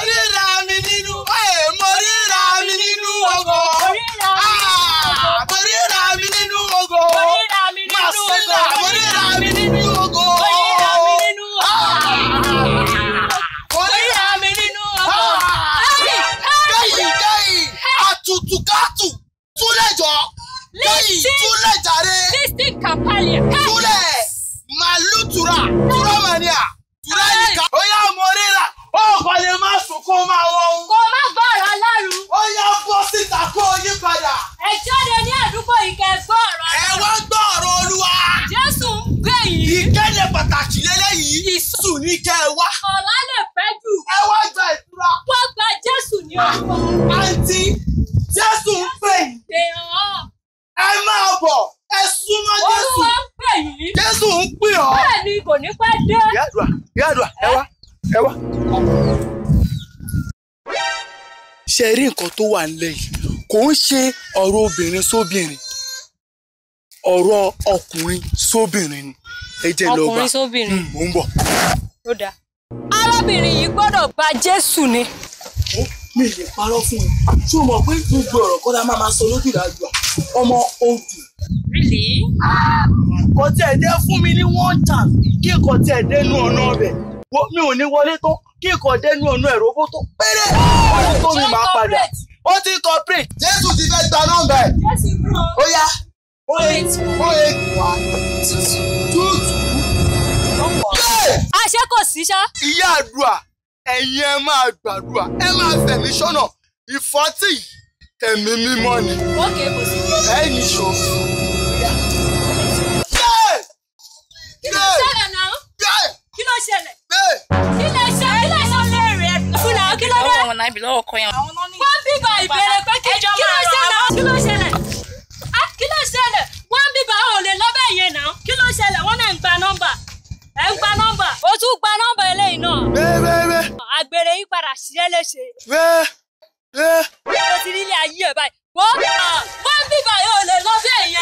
oríra mi nínú ọ̀ẹ́ eh, mo ríra mi nínú ògo. Ah, mo ríra mi nínú ògo. màsílà mo ríra mi nínú ògo. mo ríra mi nínú ògo. kẹ́yìn kẹ́yìn àtùtùkátù túlẹ̀jọ́ kẹ́yìn túlẹ̀ jàre. túlẹ̀. Jésù ní kẹ́ ẹ wá. ọ̀la lè pẹ́ jù. ẹ wá gba ìtura. wọ́n gba Jésù ní ọkọ. àǹtí Jésù ń pè yín. ẹ máa bọ̀ ẹ súnmọ́ Jésù. olúwa ń pè yín. Jésù ń pè ọ́. bẹ́ẹ̀ kò ní pẹ́ dé. yàdùà yàdùà ẹ wá ẹ wá. ṣe rí nǹkan tó wà nílẹ̀ yìí kò ń ṣe ọ̀rọ̀ obìnrin sóbìnrin ọ̀rọ̀ ọkùnrin sóbìnrin ni ẹjẹ lọ bá mò hmm, ń bọ̀. arábìnrin yìí gbọ́dọ̀ gba jésù ni. mi lè parọ́ fún ẹ ṣé o mọ̀ pé gbogbo ọ̀rọ̀ kọ́dá máa ma sọ lójú ìdájọ́ ọmọ odù. really. kò tiẹ̀ dé fún mi ní one chance kí kò tiẹ̀ dé nú ọ̀nà ọbẹ̀ mi ò ní wọlé tó kí kò dé nú ọ̀nà ẹ̀rọ bó tó péré ó tó mi máa padà ó ti cooperate. jésù ti fẹ́ gba nọ́mbà ẹ̀ ó yá. 08122 ṣé kò sí ṣá. ìyá àdúrà ẹ̀yin ẹ máa gbàdúrà ẹ máa fẹ̀mí sọ́nà ìfọ́tì tẹ̀mí mímọ́ ni. ókè kò sí. ẹ̀yin ṣòfò. kí ló kí ló ṣẹlẹ̀ wọ́n bíbọ̀ ò lè lọ́bẹ̀ yẹn náà kí ló ṣẹlẹ̀ wọ́n náà ń gba nọ́mbà ẹ̀ ń gba nọ́mbà tún gba nọ́mbà eléyìí náà. wéwéwé. àgbèrè yín padà ṣiṣẹ́ léṣe. wéwé. o ti rí ilé ayé ẹ̀ báyìí. wọ́n bí báyìí lè lọ bẹ́ẹ̀ y